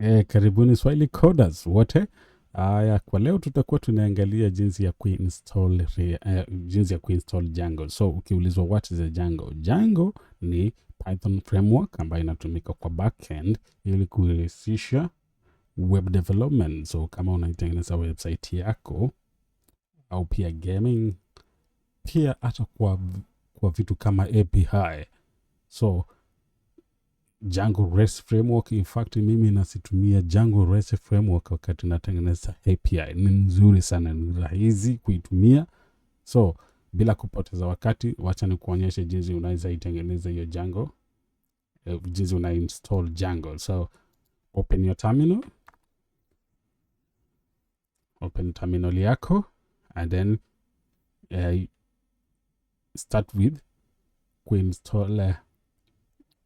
E, karibuni Swahili Coders wote. Aya, kwa leo tutakuwa tunaangalia jinsi ya kuinstall uh, jinsi ya kuinstall Django. So ukiulizwa what is a Django? Django ni Python framework ambayo inatumika kwa backend ili kurahisisha web development. So kama unaitengeneza website yako au pia gaming, pia hata kwa, kwa vitu kama API. So Django REST framework. In fact, mimi nasitumia Django REST framework wakati natengeneza API. Ni nzuri sana, ni rahisi kuitumia. So bila kupoteza wakati, wacha nikuonyeshe jinsi unaweza itengeneza hiyo Django, eh, jinsi una install Django. So open your terminal, open terminal yako and then uh, start with kuinstall eh,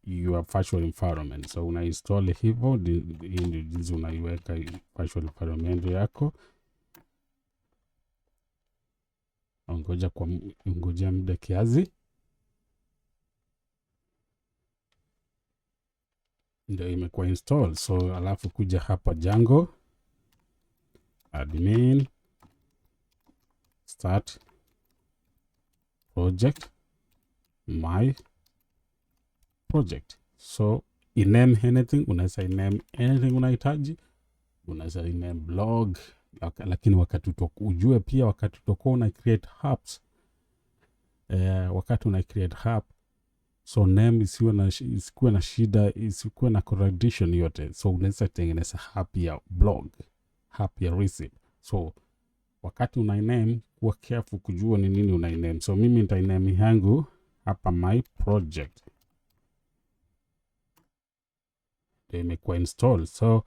your virtual environment. So una install hivyo, hii ndio jinsi unaiweka virtual environment yako. Ongoja kwa ngojea muda kiasi, ndio imekuwa install. So alafu kuja hapa Django admin start project my project. So iname anything, unaweza iname anything unahitaji, unaweza iname blog, lakini wakati ujue pia wakati utakuwa una create apps eh, wakati una create app so name isiwe na isikuwe na shida isikuwe na correction yote, so unaweza tengeneza app ya blog, app ya receipt. So wakati una name kuwa careful kujua ni nini una name. So mimi nita name yangu hapa my project imekuwa eh, install. So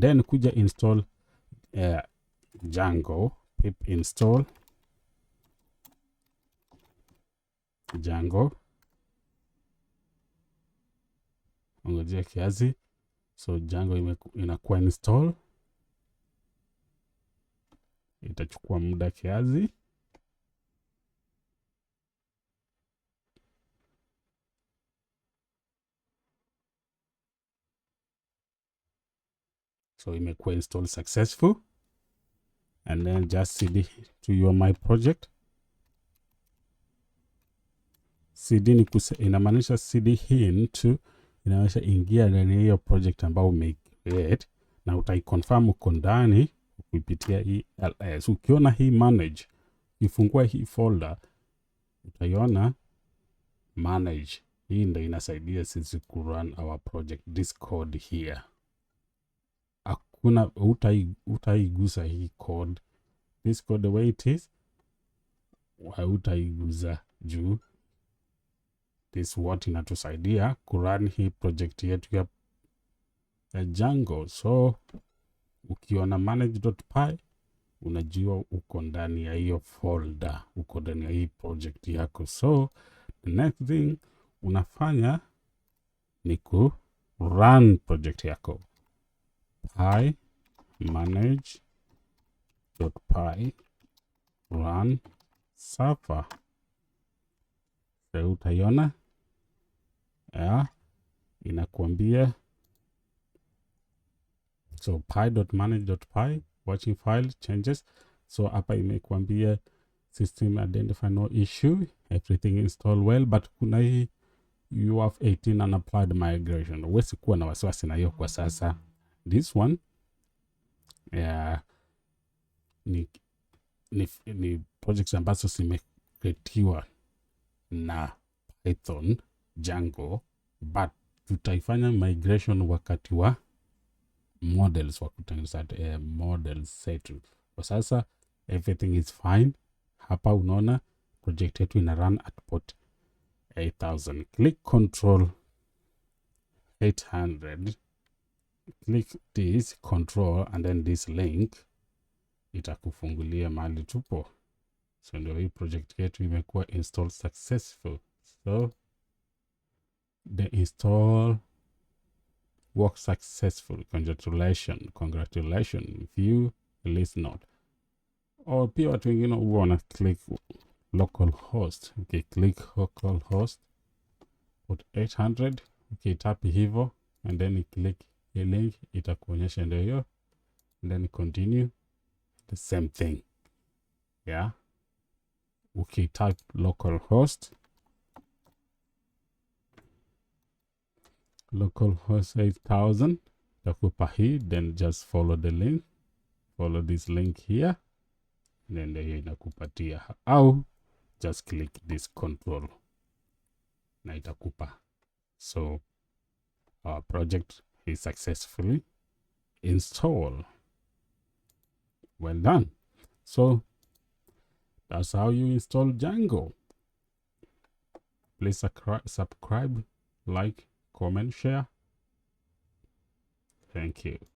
then kuja install uh, Django pip install Django, ongojea kiasi. So Django inakuwa install, itachukua muda kiasi. So imekuwa install successful and then just cd to your my project. Cd ni inamaanisha cd into inamaanisha ingia ndani hiyo project ambayo umecreate na utaiconfirm uko ndani kuipitia hii ls. Eh, ukiona hii manage, ukifungua hii folder utaiona manage. Hii ndio inasaidia sisi kurun our project. discord here utai utaigusa hii code. This code the way it is hautaiguza juu this what inatusaidia kurun hii project yetu ya Django. So ukiona manage.py unajua uko ndani ya hiyo folder, uko ndani ya hii project yako. So the next thing unafanya ni ku run project yako pi manage.py run server. Sasa utaiona ya inakuambia so pi.manage.py watching file changes. So hapa imekuambia system identify no issue everything install well, but kuna hii have 18 unapplied migration, huwezi kuwa na wasiwasi na hiyo kwa sasa this one yeah, ni, ni, ni projects ambazo zimeketiwa na Python jango but tutaifanya migration wakati wa models wa kutengeneza uh, eh, model zetu. Kwa sasa everything is fine. Hapa unaona project yetu ina run at port 8000. Click control click this control and then this link itakufungulia mahali tupo. So ndio hii project yetu imekuwa installed successful. So the install work successful. Congratulations, congratulations. View release note. Au pia watu wengine huwa wana click localhost. Okay, click localhost put 800 ukitapi okay, hivyo and then click hii link itakuonyesha ndio hiyo, then continue the same thing yeah. host local host 8000 itakupa hii, then just follow the link, follow this link here, then ndio hiyo inakupatia au just click this control na itakupa so our project he successfully installed. Well done. So that's how you install Django. Please subscribe, like, comment, share. Thank you.